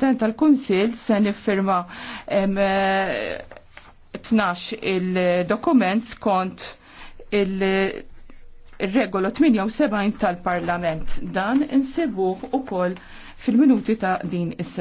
Dan tal-Kunsil se niffirma 12 eh, il-dokument skont il regolo 78 tal-Parlament. Dan insibuh ukoll fil-minuti ta' din is